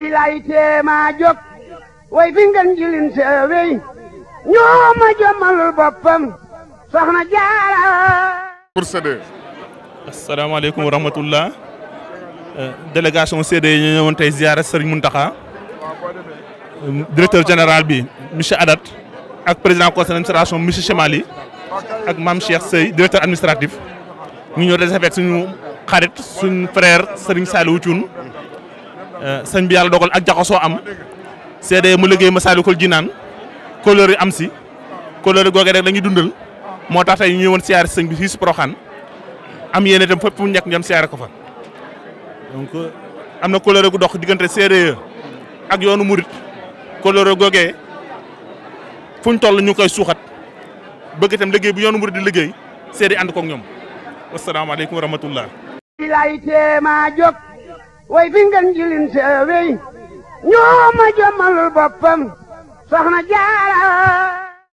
lay teema jóg way fi ngeen jilin seewey ñoo ma jëmalul boppam soxna jaara pour CD asalaamaaleykum wa rahmatullah euh, délégation CD yi ñu ñëwoon tey directeur général bi monsieur Adat ak président conseil d'administration monsieur Chemali ak maam Cheikh Sey directeur administratif ñu ñëw desefeek suñu xarit suñu frère Serigne Saliou Thioune Euh, sëñ bi yàlla dogal ak jaxasoo am seede mu liggéey Masaalikul Jinaan yi am si kóllëre googee rek dañuy dundal moo tax tey ñu ñëwoon siyaare sëñ bi fii si Poroxaan am yéen itam fépp mu nekk ñoom siyaare ko fa donc euh, am na kóllëre gu dox diggante séeréer ak yoonu murit kóllëre googee fu ñu toll ñu koy suuxat bëgg itam liggéey bu yoonu murit di liggéey seede ànd koog ñoom wasalaamaaleykum wa rahmatullah. way fi ngeen jilin seewey ñoo ma jëmmalul boppam soxna jaara